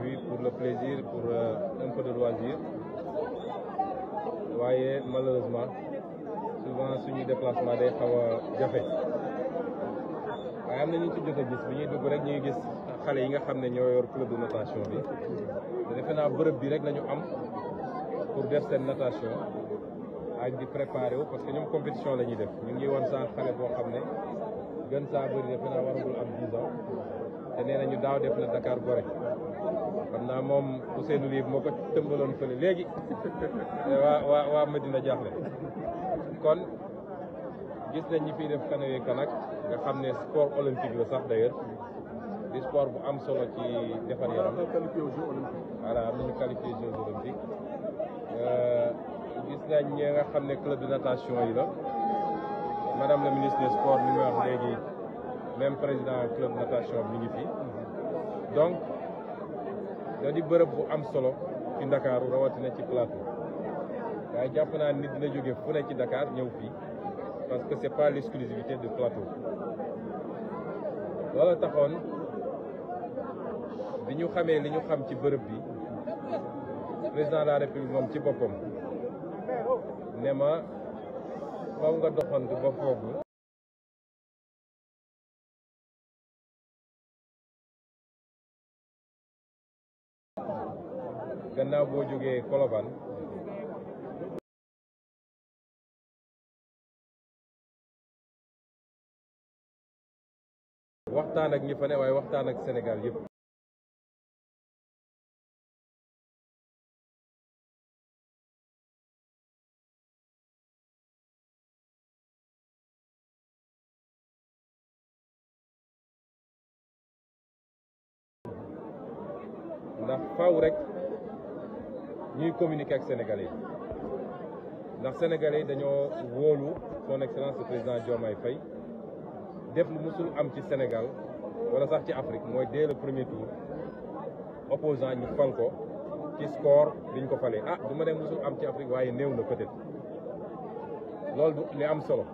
vue pour le plaisir pour euh, un peu de loisir waaye malheureusement souvent suñuy déplacement day xaw jafe waaye am na ñu ci jot a gis bi ñuy dugg rek ñuy gis xale yi nga xam ne ñoo yor club de natation bi te defe naa bërëb bi rek lañu am pour def seen natation ak di préparer wo parce que ñoom compétition la ñuy def ñu ngi woon saa xale boo xam ne gën saa bëri defe naa waragul am 10 te nee na ñu daaw def na Dakar Gorée xam naa moom Ousseynou Ly moo ko tëmbaloon fële léegi waa waa waa Medina jaaxle kon gis nañ ñi fiy def canoë kanak nga xam ne sport olympique la sax d'ailleurs di sport bu am solo ci defar yaram voilà am nañu qualifié jeux olympiques euh, gis nañ ñi nga xam ne club de natation yi la madame la ministre des sports mi wax léegi même président club natation mi ngi fi donc da di bërëb bu am solo ci ndakaaru rawatina ci plateau waaye jàpp naa nit dina jóge fu ne ci Dakar ñëw fii parce que c'est pas l'exclusivité de plateau loola taxoon bi ñu xamee li ñu xam ci bërëb bi président de la république moom ci boppam ne ma faw nga doxantu ba foofu gannaaw boo jógee Colobane waxtaan ak ñi fa ne waaye waxtaan ak senegal yëpp muy ak sénégalais yi ndax sénégal yi dañoo wóolu son excellence le président Diomaye Faye def lu musul am ci Sénégal wala sax ci Afrique mooy dès le premier tour opposant ñu fal ko ci score biñ ko falee ah du ma ne musul am ci Afrique waaye néew na peut-être loolu du li am solo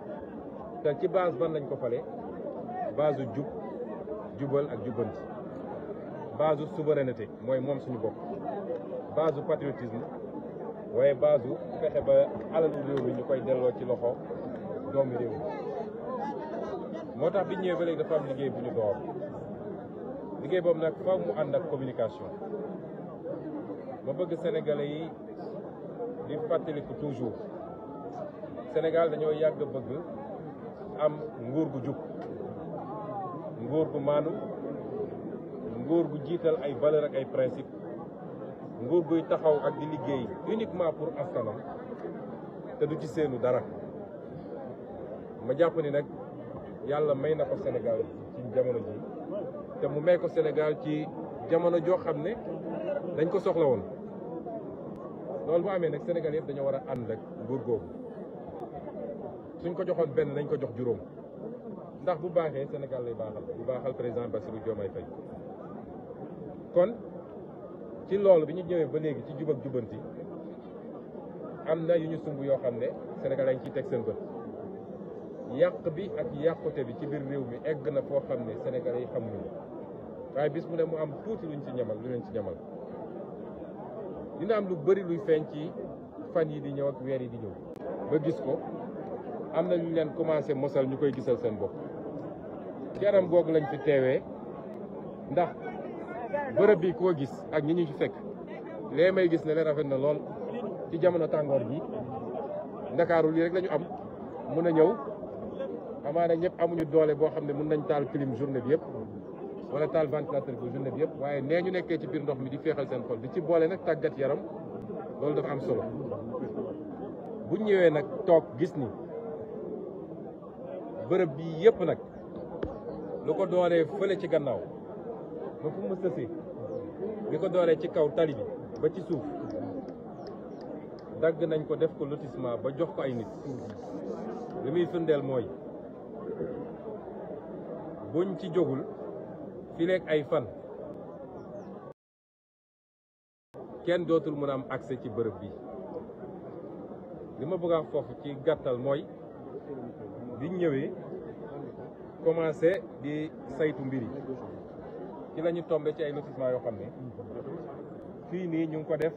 te ci base ban lañ ko falee base jub jubal ak jubbanti base souveraineté mooy moom suñu bopp base patriotisme waaye base fexe ba alalu réew mi ñu koy delloo ci loxo doomu réew moo tax bi ñëwee ba léegi dafa am liggéey bu ñu door liggéey boobu nag faw mu ànd ak communication ma bëgg sénégalais yi di fàttaliku toujours Sénégal dañoo yàgg bëgg am nguur gu jub nguur gu maanu nguur gu jiital ay valeur ak ay principe nguur guy taxaw ak di liggéey uniquement pour askanam te du ci seenu dara ma jàpp ni nag yàlla may na ko Sénégal ci jamono ji te mu may ko Sénégal ci jamono joo xam ne dañ ko soxla woon loolu bu amee nag Sénégal yëpp dañoo war a ànd rek nguur googu suñ ko joxoon benn nañ ko jox juróom ndax bu baaxee Sénégal lay baaxal bu baaxal président Bassirou Diomaye Faye kon ci loolu bi ñu ñëwee ba léegi ci jub ak jubanti am na yu ñu sumb yoo xam ne Sénégal lañ ciy teg seen bët yàq bi ak yàqute bi ci biir réew mi egg na foo xam ne Sénégalais yi xamuñu waaye bis mu ne mu am tuuti luñ ci ñamal lu leen ci ñamal dina am lu bari luy feeñ ci fan yi di ñëw ak weer yi di ñëw ba gis ko am na ñu leen commencé mosal ñu koy gisal seen bopp ci anam googu lañ fi teewee ndax bërëb bi koo gis ak ñi ñu ci fekk lee may gis ne leen rafet na lool ci jamono tàngoor bi ndakaaru lii rek lañu am mun a ñëw amaana ñëpp amuñu doole boo xam ne mun nañ taal clim journée bi yëpp wala taal ventilateur bi journée bi yëpp waaye nee ñu nekkee ci biir ndox mi di féexal seen xol di ci boole nag tàggat yaram loolu dafa am solo bu ñëwee nag toog gis ni bërëb bii yëpp nag lu ko dooree fële ci gannaaw ba fu mu sësee li ko dooree ci kaw tali bi ba ci suuf dagg nañ ko def ko lotissement ba jox ko ay nit li muy firndeel mooy buñ ci jógul fileeg ay fan kenn dootul mën a am accès ci bërëb bi li ma bëgg a foofu ci gàttal mooy biñ ñëwee commencé di saytu mbir yi ci la ñu tombé ci ay lotissement yoo xam ne fii nii ñu ngi ko def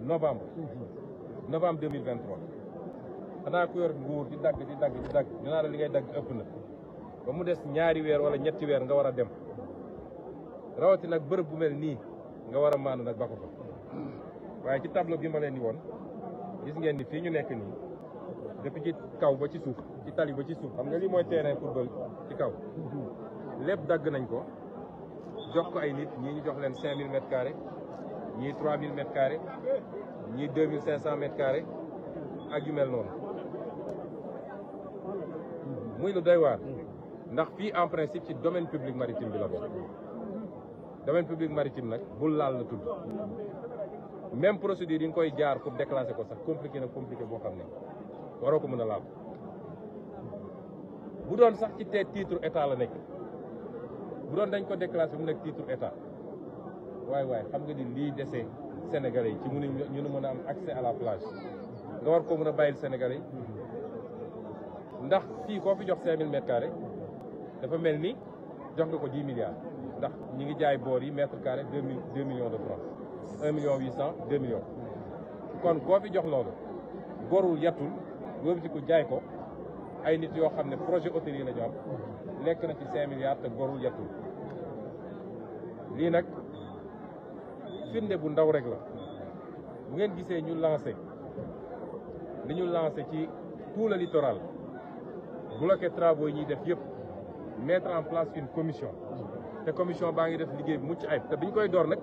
novembre novembre deux mille vingt xanaa ku yor nguur di dagg di dagg di dagg ñu la li ngay dagg ëpp na ba mu des ñaari weer wala ñetti weer nga war a dem rawati nag bërëb bu mel nii nga war a maanu nag ba ko fa waaye ci tableau bi ma leen di woon gis ngeen ni fii ñu nekk nii depuis ci kaw ba ci suuf ci tali ba ci suuf xam nga lii mooy pour football ci kaw lépp dagg nañ ko jox ko ay nit ñi ñu jox leen 5000 mètres carrés ñii 3000 mètres carrés ñii 2500 mètres carrés ak yu mel noonu muy lu doy ndax fii en principe ci domaine public maritime bi la bokk domaine public maritime nag bul laal la tudd même procédure yi nga koy jaar pour déclasser ko sax compliqué na compliqué boo xam ne waroo ko mën a laal bu doon sax ci te titre état la nekk. bu doon dañ ko déclassé mu nekk titre état waay waay xam nga ni lii dese Sénégalais yi ci mun ñu mën a am accès à la plage nga war ko mën a bàyyil Sénégalais yi ndax fii koo fi jox 5000 mètres carrés dafa mel ni jox nga ko 10 milliards ndax ñi ngi jaay boor yi mètre carré 2 2 millions de francs 1 million 800 2 millions kon koo fi jox loolu gorul yattul wëbati ko jaay ko ay nit yoo xam ne projet hôtelier la ñu am lekk na ci cinq milliards te gorul yattul lii nag firnde bu ndaw rek la bu ngeen gisee ñu lancé li ñu lancé ci tout le littoral bloqué trabo yi ñuy def yëpp mettre en place une commission te commission baa ngi def liggéey bu mucc ayib te biñ koy door nag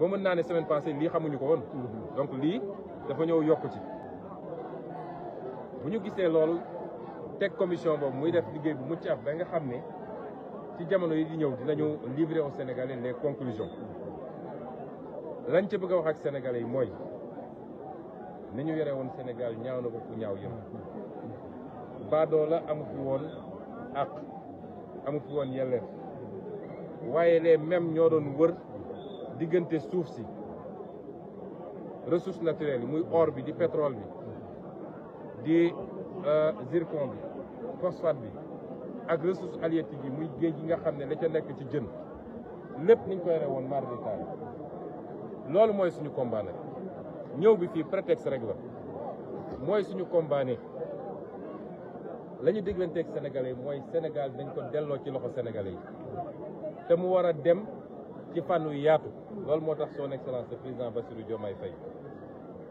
ba mën naa ne semaine passée lii xamuñu ko woon mhm. donc lii dafa ñëw yokk ci bu ñu gisee lool teg commission boobu muy def liggéey bu mucc ab ba nga xam ne ci jamono yi di ñëw dinañu livrer au Sénégalais les conclusions lañ ci bëgg a wax ak Sénégalais yi mooy ni ñu yore woon Sénégal ñaaw na ko ku ñaaw yëm baadoo la amu fi woon ak amu fi woon yelleef waaye les mêmes ñoo doon wër diggante suuf si ressources naturelles yi muy or bi di pétrole bi di Euh, zircon bi phosphate bi ak ressource halieutique yi muy géej gi nga xam ne la ca nekk ci jën lépp niñ ko yore woon mardi taal loolu mooy suñu combat ñëw bi fii prétexte rek la mooy suñu combat ne la ñu déglanteeg sénégalais yi mooy Sénégal dañ ko delloo ci loxo sénégalais yi te mu war a dem ci fànn yu yaatu loolu moo tax son excellence le président Bassirou Diomaye Faye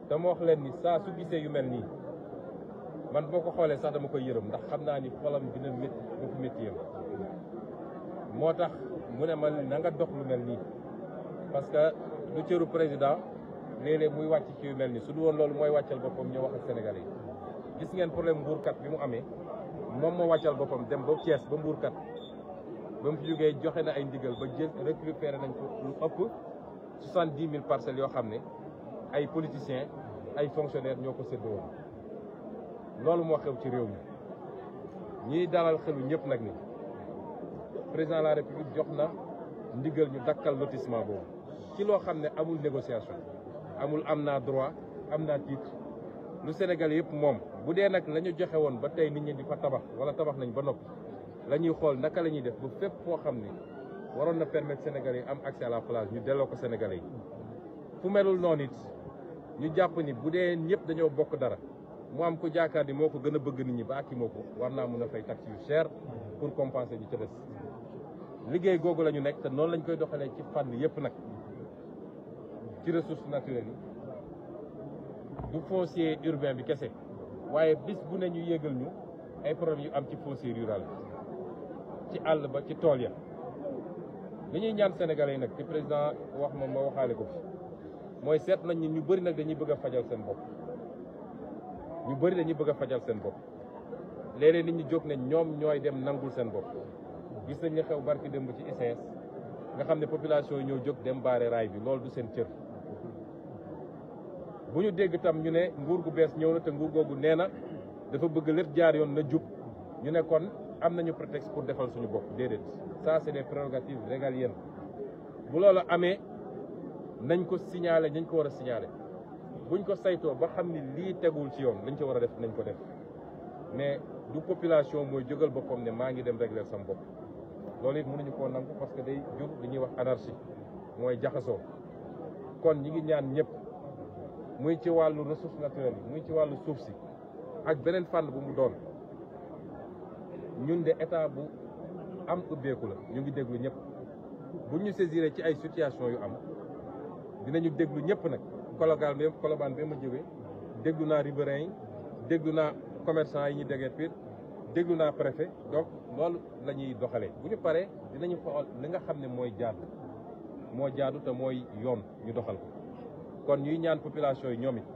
te mu wax leen ni saa su gisee yu mel nii man boo ko xoolee sax dama koy yërëm ndax xam naa ni xolam dina métti ba ko métti yam moo tax mu ne ma na nga dox lu mel nii parce que lu cëru président léeg-léeg muy wàcc ci yu mel nii su du woon loolu mooy wàccal boppam ñëw wax ak Sénégalais yi gis ngeen problème mbuurkat bi mu amee moom moo wàccal boppam dem ba Thiès ba mbuurkat ba mu fi jógee joxe na ay ndigal ba jël récupéré nañ ko lu ëpp soixante-dix mille parcelles yoo xam ne ay politiciens ay fonctionnaires ñoo ko séddoo loolu moo xew ci réew mi ñiy dalal xelu ñëpp nag ni président de la république jox na ndigal ñu dakkal lotissement boobu ci loo xam ne amul négociation amul am naa droit am naa titre lu Sénégal yëpp moom bu dee nag la ñu joxe woon ba tey nit ñi di fa tabax wala tabax nañ ba noppi la ñuy xool naka la ñuy def ba fépp foo xam ne waroon na permettre Sénégalais yi am accès à la plage ñu delloo ko Sénégalais yi fu melul noonu it ñu jàpp ni bu dee ñëpp dañoo bokk dara mu am ko jaakaar ni moo ko gën a bëgg nit ñi ba akki moo ko war naa mën a fay taxe yu cher pour compenser ñu ca liggéey googu la ñu nekk te noonu lañ koy doxalee ci fànn yëpp nag ci ressources naturelles du foncier urbain bi kese waaye bis bu ne ñu yégal ñu ay problème yu am ci foncier rural bi ci àll ba ci tool ya li ñuy ñaan sénégalais yi nag ci président wax ma ma waxaale ko fi mooy seet nañ ñu bëri nag dañuy bëgg a fajal seen bopp ñu bëri dañuy bëgg a fajal seen bopp léeg nit ñi jóg ne ñoom ñooy dem nangul seen bopp gis nañ ne xew barki démb ci ICS nga xam ne population yi ñoo jóg dem baare raay bi loolu du seen cër bu ñu dégg tam ñu ne nguur gu bees ñëw na te nguur googu nee na dafa bëgg lépp jaar yoon na jub ñu nekkoon am nañu prétexte pour defal suñu bopp déedéet ça c'est des prérogatives régaliennes bu loolu amee nañ ko signaler nañ ko war a signaler buñ ko saytoo ba xam ni lii tegul ci yoon lañ ci war a def nañ ko def mais du population mooy jógal boppam ne maa ngi dem régler sam bopp loolu it mënuñu koo nangu parce que day jur li ñuy wax anarchie mooy jaxasoo kon ñi ngi ñaan ñëpp muy ci wàllu ressources naturelles yi muy ci wàllu suuf si ak beneen fànn bu mu doon ñun de état bu am ubbeeku la ñu ngi déglu ñëpp bu ñu saisiré ci ay situation yu am dinañu déglu ñëpp nag Colobane bi Colobane bi ma jógee déglu naa riverains yi déglu naa commerçant yi ñu déggee piir déglu naa préfet donc loolu la ñuy doxalee bu ñu paree dinañu xool li nga xam ne mooy jaadu moo jaadu te mooy yoon ñu doxal ko kon ñuy ñaan population yi ñoom it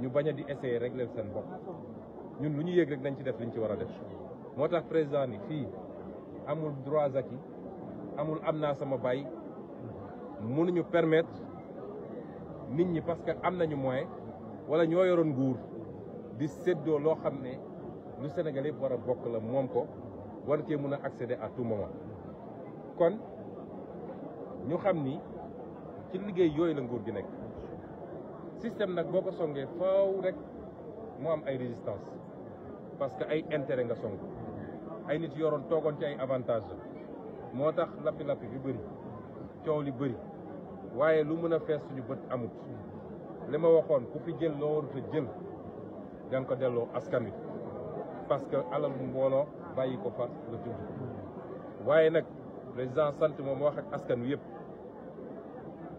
ñu bañ a di essayer régler seen bopp ñun lu ñu yëg rek nañ ci def liñ ci war a def moo tax président ni fii amul droit acquis amul am naa sama bàyyi mënuñu permettre nit ñi parce que am nañu moyen wala ñoo yoroon nguur di séddoo loo xam ne lu Sénégal yëpp war a bokk la moom ko war cee mun a accéder à tout moment kon ñu xam ni ci liggéey yooyu la nguur gi nekk système nag boo ko songee faaw rek mu am ay résistance parce que ay intérêt nga song ay nit yoroon toogoon ci ay avantage moo tax lappi-lappi bi bëri coow li bëri waaye lu mën a fees suñu bët amut li ma waxoon ku fi jël loo warut a jël da nga ko delloo askan wi parce que alal mbooloo bàyyi ko fa la tudd waaye nag président sant moom wax ak askan wi yëpp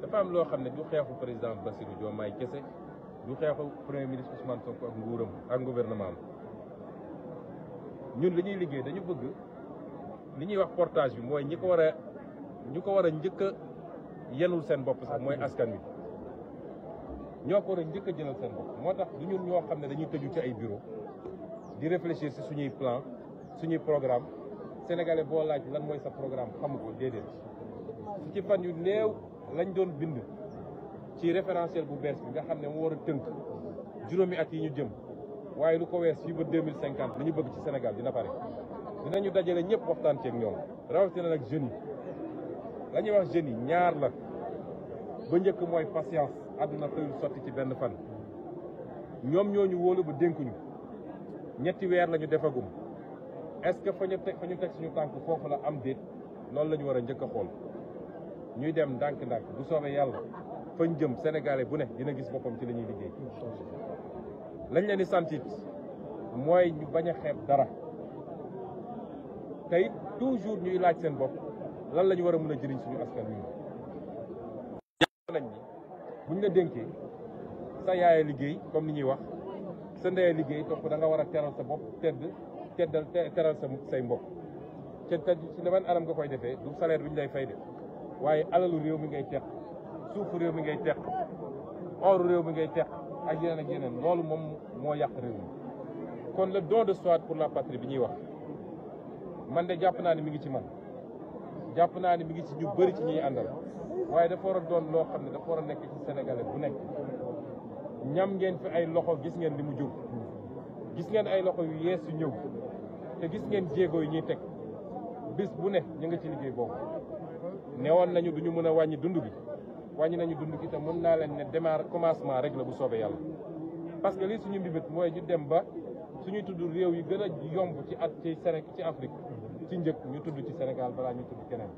dafa am loo xam ne du xeexu président Bassirou Diomaye kese du xeexu premier ministre Ousmane Sonko ak nguuram ak gouvernement ñun li ñuy liggéey dañu bëgg li ñuy wax portage bi mooy ñi ko war ñu ko war a njëkk a yenul seen bopp sax mooy askan wi ñoo ko war a njëkk seen bopp moo tax du ñun ñoo xam ne dañuy tëju ci ay bureau di réfléchir si suñuy plan suñuy programme sénégalais boo laaj lan mooy sa programme xamu ko déedéet su ci fan yu néew lañ doon bind ci référentiel bu bees bi nga xam ne mu wara a tënk juróomi at yi ñu jëm waaye lu ko wees fii ba deux cinquante li ñu bëgg ci Sénégal dina pare dinañu dajale ñëpp waxtaan ceeg ñoom rawatina nag jeunes yi lañuy wax jeunes yi ñaar la ba njëkk mooy patience àdduna xëyul sotti ci benn fan ñoom ñooñu wóolu ba dénkuñu ñetti weer lañu ñu defagum est-ce que fa ñu teg suñu tànk foofu la am déet loolu la ñu war a njëkk a xool ñuy dem ndànk-ndànk bu soobee yàlla fañ jëm sénégalais bu ne dina gis boppam ci lañuy ñuy liggéey lañ leen di sant mooy ñu bañ a xeeb dara te it toujours ñuy laaj seen bopp lan la ñu war a mën a jëriñ suñu askan wi lañ ni buñ la dénkee sa a liggéey comme ni ñuy wax sa ndeyee liggéey topp da nga war a teral sa bopp tedd teddal teral sa say mbokk te si ne ban anam nga koy defee du salaire bi ñu lay fay def waaye alalu réew mi ngay teq suufu réew mi ngay teq oru réew mi ngay teq ak yeneen ak yeneen loolu moom moo yàq réew mi kon le don de soi pour la patrie bi ñuy wax man de jàpp naa ne mi ngi ci man jàpp naa ne mi ngi ci ñu bëri ci ñuy àndal waaye dafa war a doon loo xam ne dafa war a nekk ci sénégalais bu nekk ñam ngeen fi ay loxo gis ngeen li mu jur gis ngeen ay loxo yu yees yu ñëw te gis ngeen jéego yi ñuy teg bis bu ne ñu nga ci liggéey boobu newoon nañu ñu mën a wàññi dund bi wàññi nañu dund gi te mën naa leen ne démarre commencement rek la bu soobee yàlla parce que lii suñu mbibit mooy ñu dem ba suñu tudd réew yi gën a yomb ci at ci Sénégal ci ci njëkk ñu tudd ci Sénégal balaa ñu tudd keneen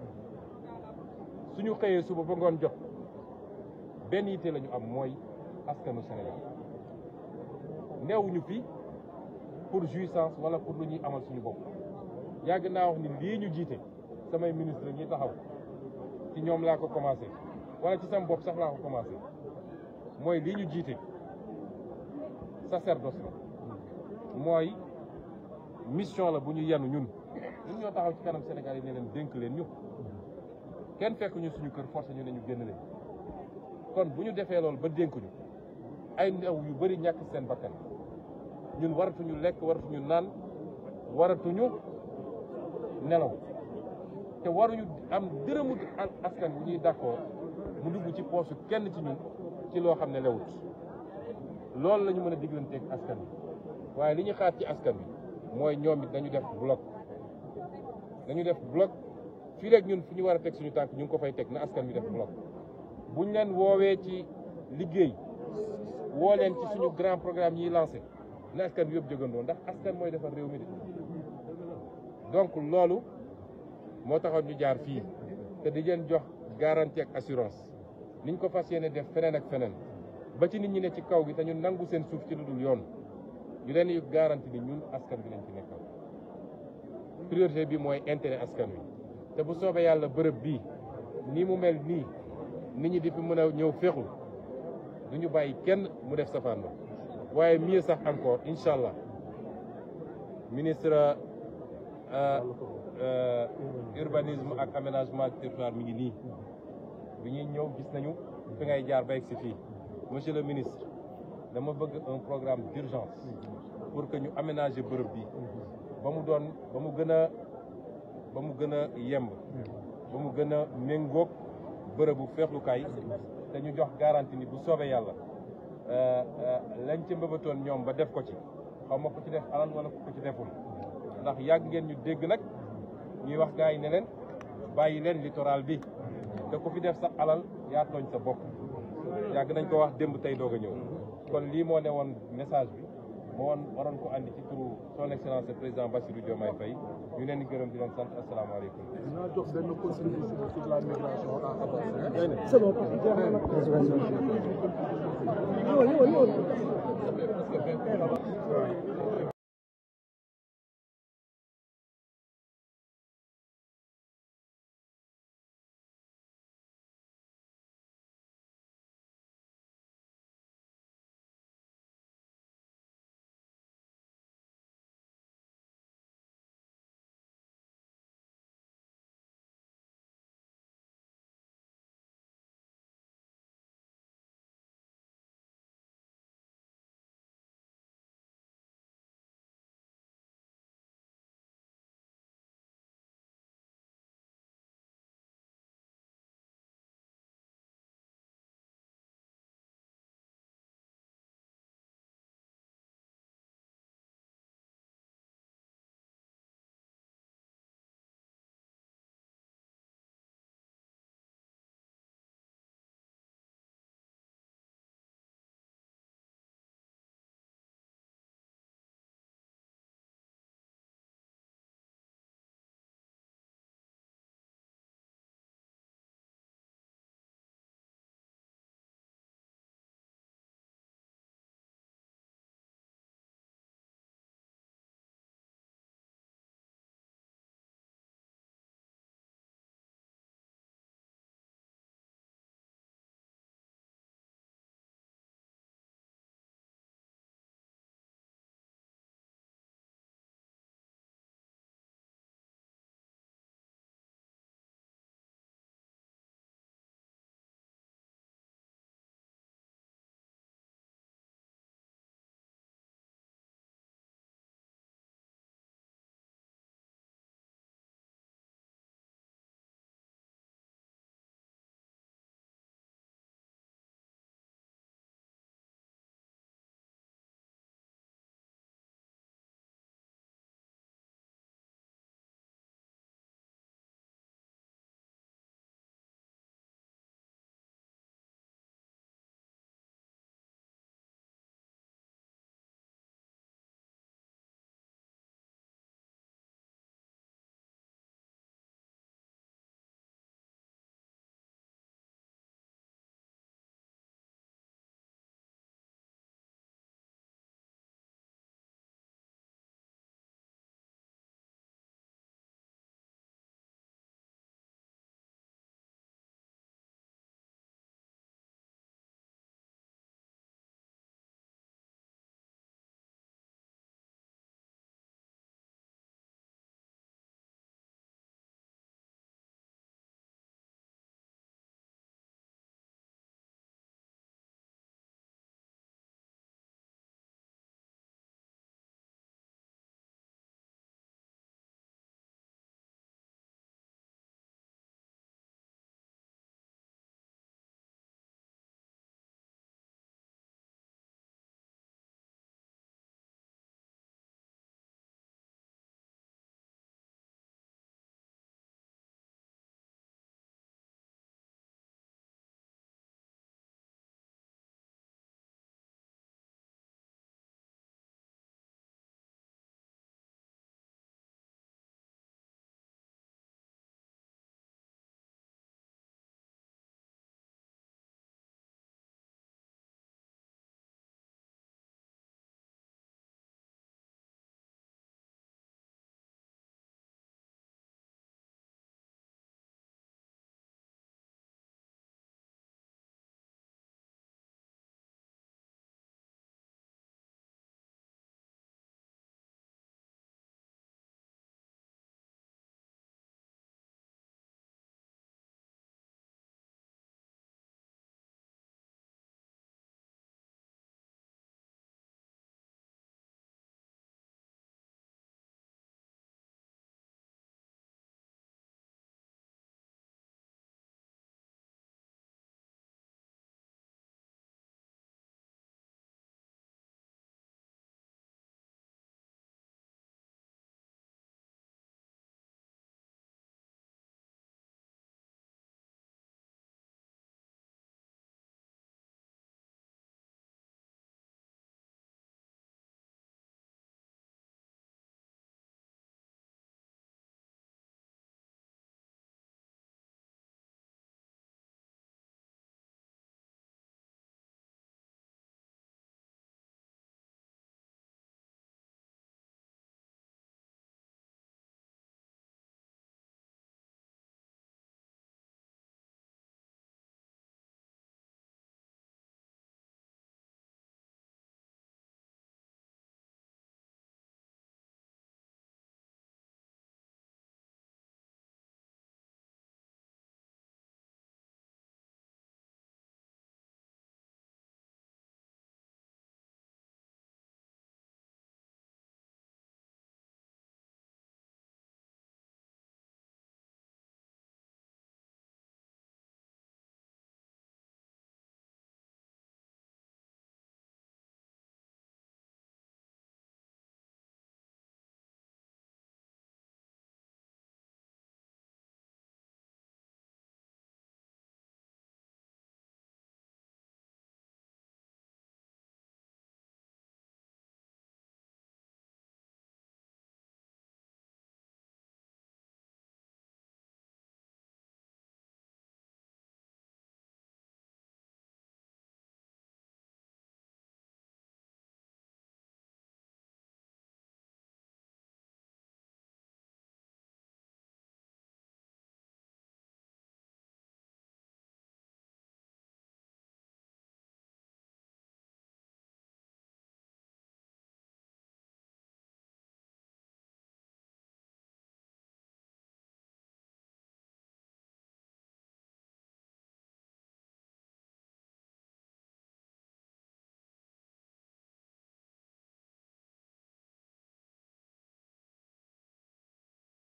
suñu xëyee suba ba ngoon jot benn yitte lañu am mooy askanu Sénégal neewuñu fi pour jouissance wala pour lu ñuy amal suñu bopp yàgg naa wax ni lii ñu jiite samay ministre ñi taxaw ci ñoom laa ko commencé wala ci sama bopp sax laa ko commencé mooy lii ñu jiite sacerdoce la mooy mission la bu ñu yenu ñun ñun ñoo taxaw ci kanam senegal yi ne leen dénk leen ñu kenn fekk ñu suñu kër forcé ñu ne ñu génn leen kon bu ñu defee lool ba dénk ay ndaw yu bari ñàkk seen bakkan ñun waratuñu lekk waratuñu naan waratuñu nelaw te waruñu am dërëmu askan bu ñuy d'accord mu dugg ci poosu kenn ci ñun ci loo xam ne lewut loolu lañu mën a diglanteeg askan bi waaye li ñu xaar ci askan bi mooy ñoom it dañu def bloc nañu def bloc fii rek ñun fi ñu war a teg suñu tànk ñu ngi ko fay teg na askan wi def bu ñu leen woowee ci liggéey woo leen ci suñu grand programme yi lancé na askan wi yëpp jógandoo ndax askan mooy defar réew mi de donc loolu moo taxoon ñu jaar fii te di leen jox garantie ak assurance niñ ko fas yéene def feneen ak feneen ba ci nit ñi ne ci kaw gi te ñu nangu seen suuf ci lu dul yoon ñu leen yu garantie ni ñun askan bi lañ ci nekkal priorité bi mooy intérêt askan wi te bu soobee yàlla bërëb bii nii mu mel nii nit ñi di fi mën a ñëw féexul du ñu bàyyi kenn mu def safaan waaye mieux sax encore incha allah ministre euh, euh, urbanisme ak aménagement territoire mi ngi nii bi ñuy ñëw gis nañu fi ngay jaar ba egsi fii monsieur le ministre dama bëgg un programme d'urgence pour que ñu aménager bërëb bi ba mu doon ba mu gën a ba mu gën a yemb ba mu gën a méngóog bërëbu feexlukaay te ñu jox garanti ni bu soobee yàlla euh, euh, lañ ca mbëbatoon ñoom ba def ko ci xaw ko ci def alal wala ko ci deful ndax yàgg ngeen ñu dégg nag ñuy wax gars yi ne leen bàyyi leen littoral bi te ku fi def sa alal yaa tooñ sa bopp yàgg nañ ko wax démb tey doog a ñëw kon lii moo ne woon message bi woon waroon ko andi ci turu son excellence le président Bassirou Diomaye Faye ñu leen di gërëm di a sant asalaamaaleykum. dinaa jox benn contribution sur la migration à avancer.